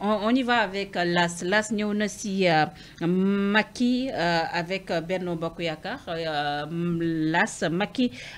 on, y va avec euh, l'AS. L'AS ñëw na euh, euh, avec Benno bakouyakar l'AS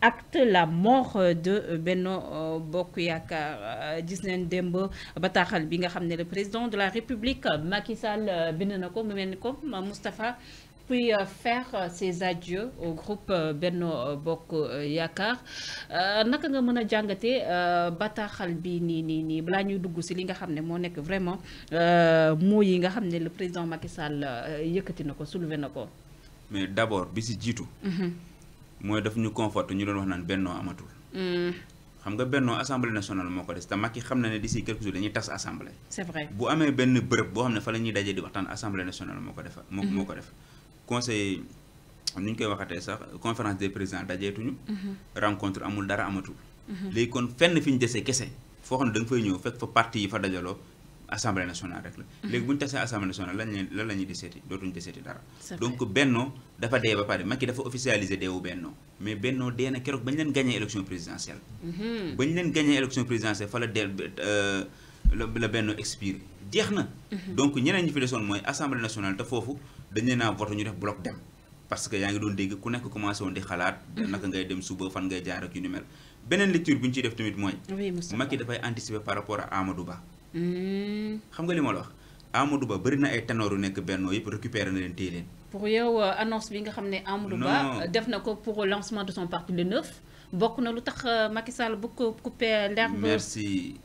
acte la mort de Benno Bokuyakar. Disney Dembo, Batahal binga hamne le président de la République Makisal Sall bind mustafa puis euh, faire euh, ses adieux au groupe euh, Benno Bokk Yakar. naka nga mëna jangaté jàngate bataaxal bi ni ni ni bla ñu dugg ci li nga xamné mo nek vraiment vraiment mo yi nga xamné le président Macky Sall yëkëti nako ko nako. mais d'abord bi si Hmm. Moy daf ñu conforte ñu doon wax naan Benno amatul. Mm. xam nga Benno assemblée nationale moko ko des Macky xam na d'ici quelques jours dañuy tass assemblée. c'est vrai bu amé benn bërëb bo xamné fa lañuy dajé di waxtaan assemblée nationale moko défa moko défa conseil ni ngui waxate sax conférence des présidents dajeetuñu. Mhm. rencontre amul dara amatu mhm. légui kon fenn fiñu ñu kessé fo xamne xam fay ñëw fekk fa parti yi fa dajalo assemblée nationale rek la. Mhm. légui bu tassé assemblée nationale lañ la lan la ñuy dootuñu deseeti dara. donc benno dafa dee ba pare Macky dafa officialiser deewu Benno. mais Benno, déna kérok keroog leen gagner élection présidentielle. ba leen gagner élection présidentielle fa la dee euh le benno expire jeex donc ñeneen ñi fi desoon moy assemblée nationale te fofu dañ voto ñu def bloc dem parce que yaangi doon dégg ku nekk commencé woon di xalaat naka ngay dem suba fan ngay jaar ak yu ni mel benen lecture buñ ci def tamit mooy Macky fay anticiper par rapport à Amadou Ba hmm. xam nga li ma la wax Amadou Ba bari na ay ténor yu nekk benno yëpp récupérer na leen téye leen pour yow euh, annonce bi nga xam ne Amadou Ba def na ko pour lancement de son parti le 9 bokk na lu tax euh, Macky Sall bu ko couper l'herbe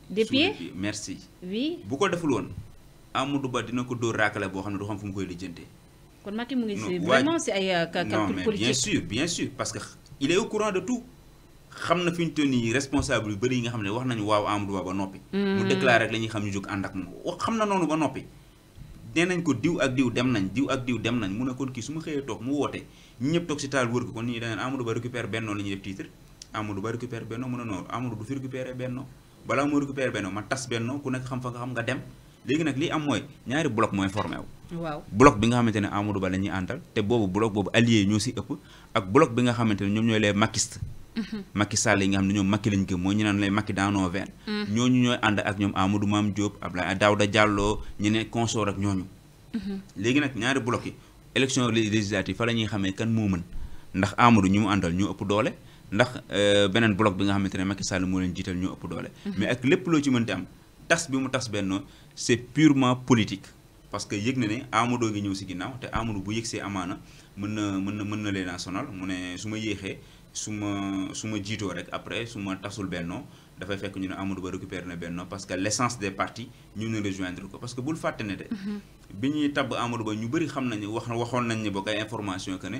des pieds merci oui bu ko deful won Amadou Ba dina ko dóor raakale bo xam du xam fu mu koy lijjantee kon Macky mu ngi mm, vraiment c'est ay euh, calcul politique bien sûr bien sûr parce que il est au courant de tout xamna na fi responsable yu bëri nga xamné wax nañu waaw Amadou Ba nopi noppi. mu mm. déclaré rek la xam ñu jóg ànd ak xamna nonu ba nopi nee nañ ko diw ak diw dem nañ diw ak diw dem nañ mu ne kon ki suma xeye tok mu woté ñepp tok ci taal wër ko kon nii da ngeen Amadou Ba récupérer benno la ñuy def titre Amadou Ba récupérer benno mu ne noonu Amadou du fi récupéré benno bala moo récupérer benno ma tas benno ku nekk xam fa nga xam nga dem légui nak li am moy ñaari bloc moy formé wu waaw bloc bi nga xamantene Amadou Ba la ñuy àndal te boobu bloc bobu allié ñoo ci ëpp ak bloc bi nga xamantene ñom ñoy ñooy les makistes. Mhm. Macky Sall yi nga xam ne ñoom Macky lañ gëm mooy ñu naan lay Macky dans nos veines. Mhm. ñooñu ñooy ànd ak ñom Amadou mam Diop Abdoulaye Daouda Diallo ñu ne consort ak ñooñu. Mhm. légui nak ñaari bloc yi élection législative fa lañuy xamé kan mo mën ndax Amadou ñu mu àndal ñoo ëpp doole ndax euh, benen bloc bi nga xamantene ne Macky Sall moo leen jiital ñoo ëpp doole. mais ak lepp lo ci mënti am tax bi mu tax benno c'est purement politique. parce que yëg na ne amadoo ngi ñëw si ginnaaw te amadu bu yëg see amaana mën na mën na mën na leen a sonal mu ne su ma yéexee suma suma jiitoo rek après suma tasul benno dafay fekk ñu ne amadu ba récupérer na benno parce que l' essence des parties ñu ne rejoindre ko parce que bul fàtte ne de. Mhm. bi ñuy tabb amadu ba ñu bëri xam nañu wax waxoon nañ ne bokk ay information que ne.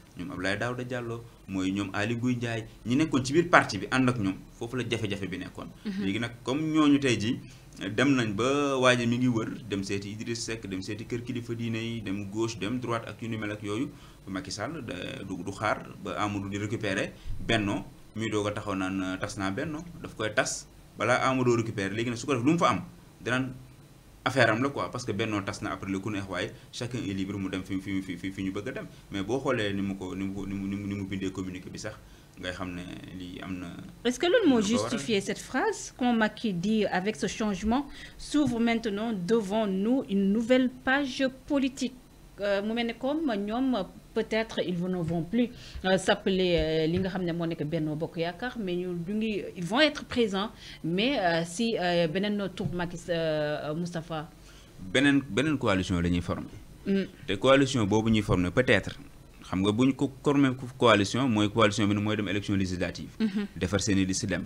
ñoom daaw Daouda jàlloo mooy ñoom ali Ngouille Ndiaye ñi nekkoon ci biir parti bi ànd ak ñoom foofu la jafe-jafe bi nekkoon. Mhm. léegi nag comme ñooñu tey ji dem nañ ba waaje mi ngi wër dem seeti Idriss Seck dem seeti kër kilifa diine yi dem gauche dem droite ak yu ni mel ak yooyu Macky Sall du du xaar ba Amadou di récupérer Benno muy doog a taxaw naan tas naa Benno daf koy tas balaa Amadou récupérer léegi nag su ko def lu mu fa am dinañ. affaire am quoi parce que Ben tasna après le coup neex waaye chacun est libre mu dem fi fi fi fi ñu bëgg dem mais bo xolé ni mu ko ni mu ni mu bi sax ngay xamné li amna est-ce que l'on peut justifier cette phrase qu'on Macky dit avec ce changement s'ouvre maintenant devant nous une nouvelle page politique euh, mu mel comme ñom peut-être ils ne vont plus euh, s'appeler euh, li nga xam ne Benno Bokk mais ñu ils vont être présents mais euh, si beneen tour Macky mustafa benen benen coalition la ñuy former. Mm. coalition bobu ñuy former peut-être xam nga bu ñu ko coalition moy coalition bi mooy dem élection législative. Mm-hmm. defar seen i liste dem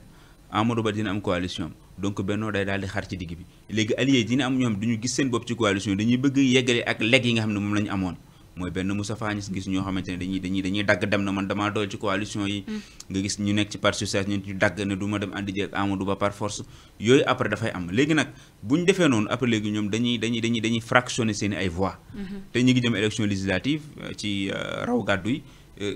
Amadou Ba dina am coalition donc Benno day dal di xar ci digg bi léegi alliés dina am ñom duñu gis seen ci coalition dañuy bëgg yeggale ak lég yi nga xam mom lañu amoon. mooy benn Moustapha Niasse gis ñoo xamante ne dañuy dañuy dagg dem na man damaa dool ci coalition yi mm. nga gis ñu nekk ci parti socialiste ñu dagg ne du dem àndi ak Amadou Ba par force yooyu après dafay am léegi nag bu ñu defee noonu après léegi ñoom dañuy dañuy dañuy dañuy fractionner ay voix mm-hmm. te ñu ngi jëm élection législative euh, ci euh, raw gàddu yi euh,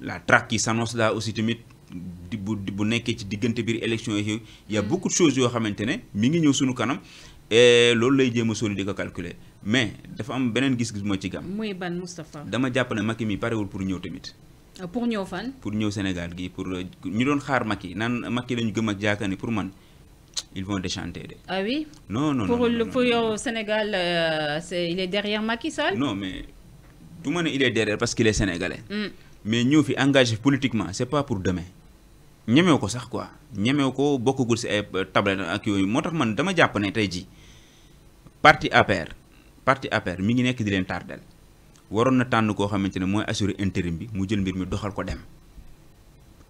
la track qui s'annonce là aussi tamit di bu bu nekkee ci diggante biir élection yi y' a mm. beaucoup de choses yoo xamante ne mi ngi ñëw suñu kanam et loolu lay jéem a sóoli di ko calculer mais dafa am beneen gis-gis moo ci gam. muy ban Mustapha. dama jàpp ne Macky mi parewul pour ñëw tamit. Euh, pour ñëw fan. pour ñëw Sénégal gi pour euh, ñu doon xaar Macky Nan Macky lañu gëm ak jaakaar ni pour man. ils vont déchanter. Ah oui Non, non, pour non. pour au Sénégal, euh, il est derrière Macky Sall Non, mais tout le il est derrière parce qu'il est sénégalais. Mm. mais ñeuf fi engagé politiquement c'est pas pour demain ñëmé ko sax quoi ñëmé ko bokkul ci euh, table ak yoy motax man dama japp né tay ji parti APR parti APR mi ngi nek di len tardel waron na tann ko xamantene moy assurer intérim bi mu jël mbir mi doxal ko dem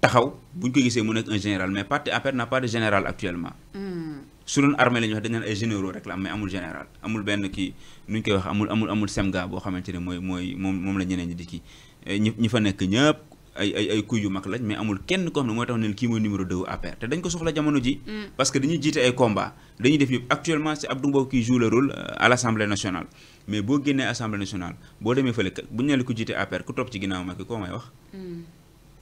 taxaw buñ ko gisé mu nek un général mais parti APR n'a pas de général actuellement mm. suñu armée lañ wax dañ ay généraux rek la mais amul général amul ben ki nuñ koy wax amul amul amul semga bo xamantene moy moy mom, mom la ñeneen di ki Eh, ñi fa nekk ñëpp ay ay ay kuy yu mag lañ mais amul kenn koo xam ne mooy tax ne kii mooy numéro 2 APR te dañ ko soxla jamono ji. Mm. parce que dañuy jiite ay combat dañuy def yëpp actuellement c'est Abdou Mbow qui joue le rôle euh, à l'Assemblée nationale. mais boo génnee Assemblée nationale boo demee fële bu ñu nee la ku jiite APR ku topp ci ginnaaw Macky koo may wax. Mm.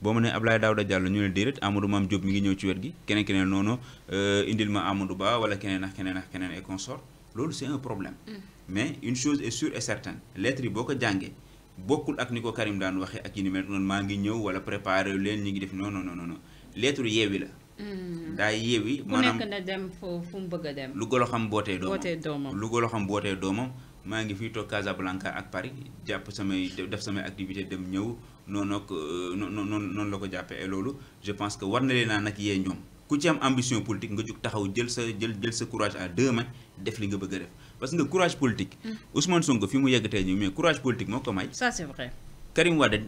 boo ma nee Abdoulaye Daouda Diallo ñu ne déedéet Amadou Mame Diop mi ngi ñëw ci wet gi keneen keneen noonu euh, indil ma Amadou Ba wala keneen ak keneen ak keneen et consort loolu c'est un problème. Mm. mais une chose est sûre et certaine lettre yi boo ko jàngee. bokkul ak ni ko Karim daan waxee ak yi ni mel noonu maa ngi ñëw wala préparé leen ñi ngi def non non non non lettre yeewi la. Mm. daa yeewi. maanaam ku nekk na dem fu mu bëgg a dem. lu golo xam bootee doomam lu golo xam bootee doomam. maa ngi fii toog Casablanca ak Paris jàpp samay def samay activité dem ñëw noonu ak euh, noonu noonu la ko jàppee et loolu je pense que war na leen naa nag yee ñoom ku ci am ambition politique nga jug taxaw jël sa jël sa courage à deux mains def li nga bëgg a def. parce que courage politique. Mm. Ousmane Sonko fi mu yegg tey ñu mais courage politique moo ko may. ça c'est vrai.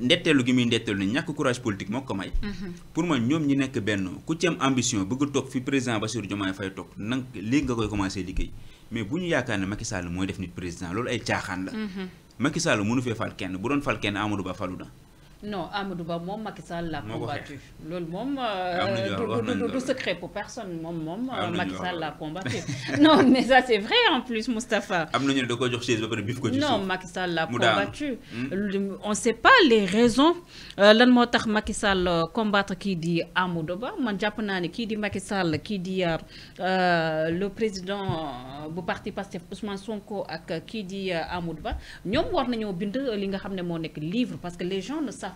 ndetteelu gi muy ndetteelu ne ñàkk courage politique moo ko may. Mm-hmm. pour man ñoom ñi nekk benn ku ci ambition bëgg toog fi président Bassirou Diomaye Faye toog nang léegi nga koy commencé liggéey mais bu ñu yaakaar ne Macky mooy def nit président loolu ay caaxaan la. Mm-hmm. Macky mënu fee fal kenn bu doon fal kenn Amadou Ba falu na. non Amadou Ba moom Macky Sall l'a combattu loolu moom euh, du secret pour personne mon moom euh, Macky Sall l'a combattu non mais ça c'est vrai en plus Moustapha am nañu ne jox chaise ba non Macky Sall l'a combattu hmm? on ne sait pas les raisons euh, L'un moo tax Macky Sall combattre qui dit Amadou Ba man jàpp naa ne Macky Sall qui dit le président du parti Pastef Ousmane Sonko ak kii di Amadou Ba ñoom war bind li nga livre parce que les gens ne savent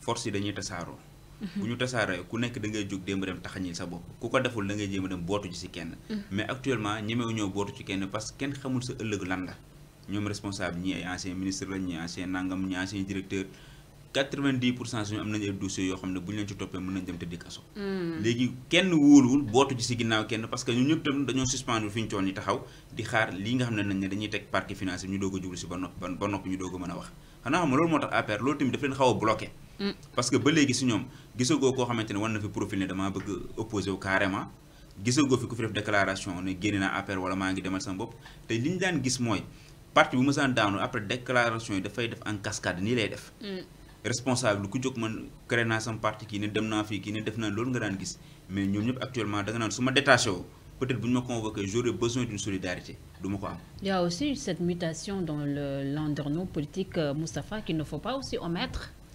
force yi dañuy tasaaroo. Mhm. bu ñu tasaaroo ku nekk da ngay jóg démb dem taxañil sa bopp ku ko deful da jéem a dem bootu ji ci kenn. Mhm. mais actuellement bootu ci kenn parce que kenn xamul sa ëllëg lan la ñoom responsable ñi am nañu ay dossiers yoo xam ne bu ñu leen ci toppee mën nañ dem tëddi kaso. Mhm. léegi kenn wóoluwul bootu ji si ginnaaw kenn parce que ñun ñëpp tam dañoo suspendre fi ñu taxaw di xaar lii nga xam ne nañ ne dañuy teg parquet financier ñu doog a jublu si ba noppi ba noppi ñu doog a mën a wax xanaa xam nga loolu moo tax APR daf a bloqué. Mm. parce que ba si ñom gissago ko que fi profil ne dama bëgg opposé carrément ont fi ku fi def déclaration wala parti après déclaration en cascade lay mm. responsable ku man sama parti mais actuellement da peut-être j'aurais besoin d'une solidarité il y a aussi cette mutation dans le politique euh, Moustapha qu'il ne faut pas aussi omettre.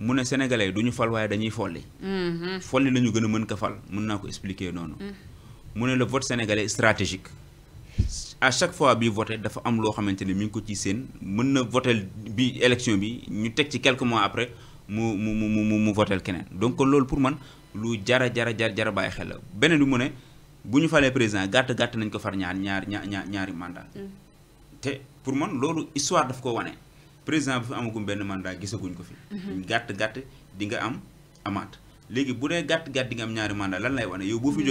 mu ne sénégalais duñu fal waaye dañuy folli mm-hmm. folli la ñu gën a mën ko fal mën naa ko expliquer noonu mm. mu ne le vote sénégalais stratégique à chaque fois bi voté dafa am loo xamante ne mi ngi ko ci seen mën na votel bi élection bi ñu teg ci quelques mois après mu mu mu mu mu votel keneen donc loolu pour man lu jara jara jara jara bàyyi xel la beneen bi mu ne bu ñu falee président gàtt gàtt nañ ko far ñaar ñaar ñaar ñaari mandat mm. te pour man loolu histoire daf ko wane président bu fi amagum benn mandat gisaguñ ko fi. Mhm. gàtt gàtt di nga am amaat. léegi bu dee gàtt gàtt di nga am ñaari mandat lan lay wane yow boo mhm.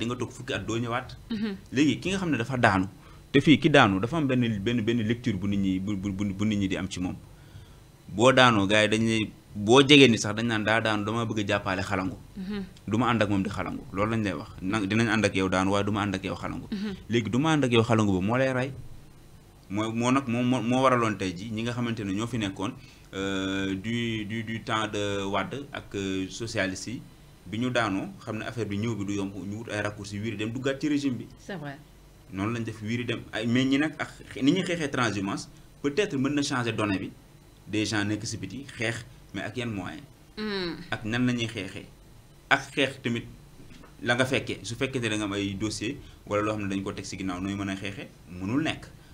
di nga toog fukki at doo ñëwaat. Mhm. léegi ki nga xam ne dafa daanu. te fii ki daanu dafa am benn benn benn lecture bu nit ñi bu bu bu nit ñi di am ci moom boo daanoo gars yi dañuy boo jegee ni sax dañ naan daa daanu dama bëgg a jàppaale xalangu. du ma ànd ak moom di xalangu loolu lañ lay wax na dinañ ànd ak yow daanu waaye du ma ànd ak yow xalangu. léegi du ma ànd ak yow xalangu moo lay rey. mooy moo nag moo moo waraloon tey ji ñi nga xamante ne ñoo fi nekkoon euh, du du du temps de Wade ak euh, socialiste si bi ñu daanoo xam ne affaire bi ñëw bi du yomb ñu wut ay raccourci wiiri dem duggaat ci régime bi. c'est vrai noonu lañ def wiiri dem ay mais ñi nag ak ni ñuy xeexee transhumance peut-être mën na changer donnée bi des gens nekk si biti xeex mais ak yan moyen hmm. ak nan la ñuy xeexee ak xeex tamit. la nga fekkee su fekkee ne da nga am ay dossier wala loo xam ne dañ ko teg si ginnaaw nooy mën a xeexee mënul nekk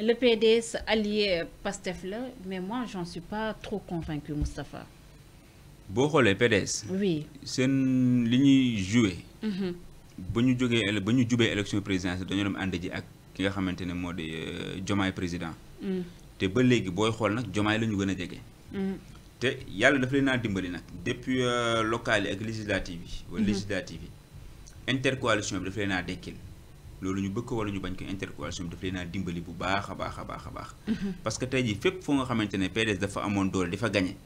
Le PDS allié Pastef là, mais moi j'en suis pas trop convaincu, Moustapha. boo xoolee PDS. oui seen li ñuy joué. Mhm. ba ñu jógee ba ñu élection présidentielle dañoo dem ànd ji ak ki nga xamante ne moo di Jomaay euh, président. Mm. te ba léegi booy xool nag Jomaay la ñu gën a jege. Mm. te yàlla dafa leen dimbali nag depuis euh, locales yi ak législatives yi. wala mm-hmm. législatives yi intercoalition bi dafa leen a loolu ñu bëgg ko wala ñu bañ ko intercoalition bi daf leen dimbali bu baax a baax a baax a baax. Mm-hmm. parce que tey jii fépp foo nga xamante ne PDS dafa amoon doole dafa gagné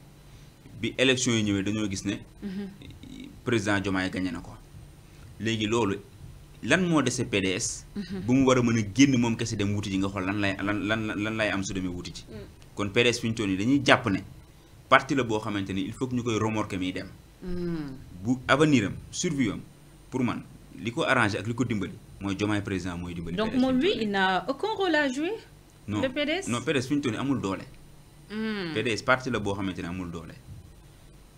bi élection yi ñëwee dañoo gis ne. Mm-hmm. président Diomaye gagné ne ko. léegi loolu lan moo dese PDS. Mm-hmm. bu mu war a mën a génn moom kese dem wuti ji nga xool lan lay lan lan lan lay am su demee wuti ji. Mm. kon PDS fi ñu toll dañuy jàpp ne parti la boo xamante ni il faut ñu koy remorquer muy dem. Mm. bu avenir am survie am pour man li ko arrangé ak li ko dimbali. mooy Diomaye président mooy dimbali. donc mon lui il n'a aucun rôle à jouer. le PDS non PDS fi ñu toll amul doole. Hmm. PDS parti la boo xamante ne amul doole.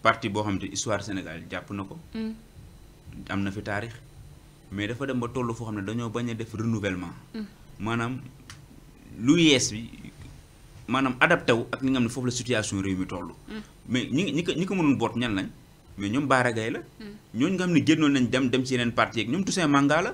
parti boo xamante histoire Sénégal jàpp na ko. Hmm. am na fi taarix. mais dafa dem ba toll foo xam ne dañoo bañ a def renouvellement. Hmm. maanaam lu yees adapté wu ak ñi nga xam ne la situation réew mi toll. mais ni ñi ko ñi ko mënoon boot ñan lañ mais ñoom Baara Gaye la. ñooñu nga xam ne génnoon nañ dem dem ci yeneen parti yeeg ñoom Toussaint Manga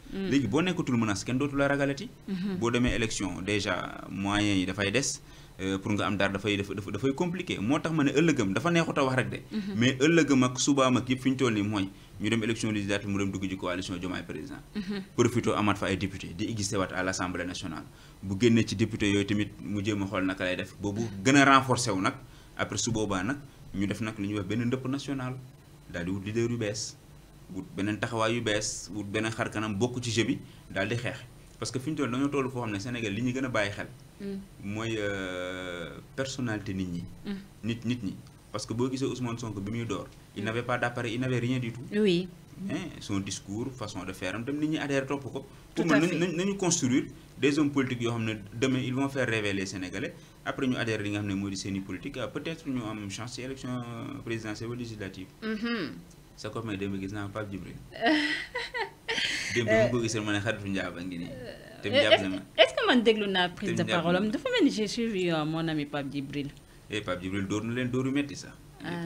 Mm. léegi bo nekoutul menace ken dootu la ragalati. Mm-hmm. bo démé élection déjà moyen yi da dafay des euh, pour nga am dara dafay dafa dafay compliqué moo tax ma ne ëllëgam dafa neexut wax rek dé mm-hmm. mais ëllëgëm ak suba mak yëpp fi ñu toll ñu dem élection législative mu dem dugg ci coalition jomay président. Mm-hmm. profito amaat fa ay député di igisté wat à l'Assemblée nationale bu génné ci député yoy tamit mu jéem a xool naka lay def boobu gën a renforcé wu nag après su boobaa nag ñu def nak li ñu wax benn ndëpp national daal di leader yu bees wut benen taxawaay yu bees wut benen xarkanam bokku ci jeu bi daal di xex parce que fi ñu toll dañoo toll foo xam Sénégal li ñu gëna a bàyyi xel. Hmm. mooy euh, personnalité nit ñi. Hmm. nit nit ñi parce que bo gisé Ousmane Sonko bi muy door. il hmm. n'avait pas d'appareil il n'avait rien du tout. oui. mais son discours façon de faire am tam nit ñi adhéré topp ko. tout à fait nañu construire des hommes politiques yoo xam demain ils vont faire rêver les Sénégalais après ñu adhéré li nga xam di seeni politique ah, peut-être ñu am chance ci élection présidentielle ou législative. -hmm sa copain démb gis naa Pape Djibril. démb bi mu ko euh, gisal ma ne xaritu Ndiaye ngi nii. te mu jàpp est-ce que man déglu na prise de parole am dafa mel ni j'ai suivi euh, mon ami pap jibril et eh, pap jibril dóor na leen dóor yu sax.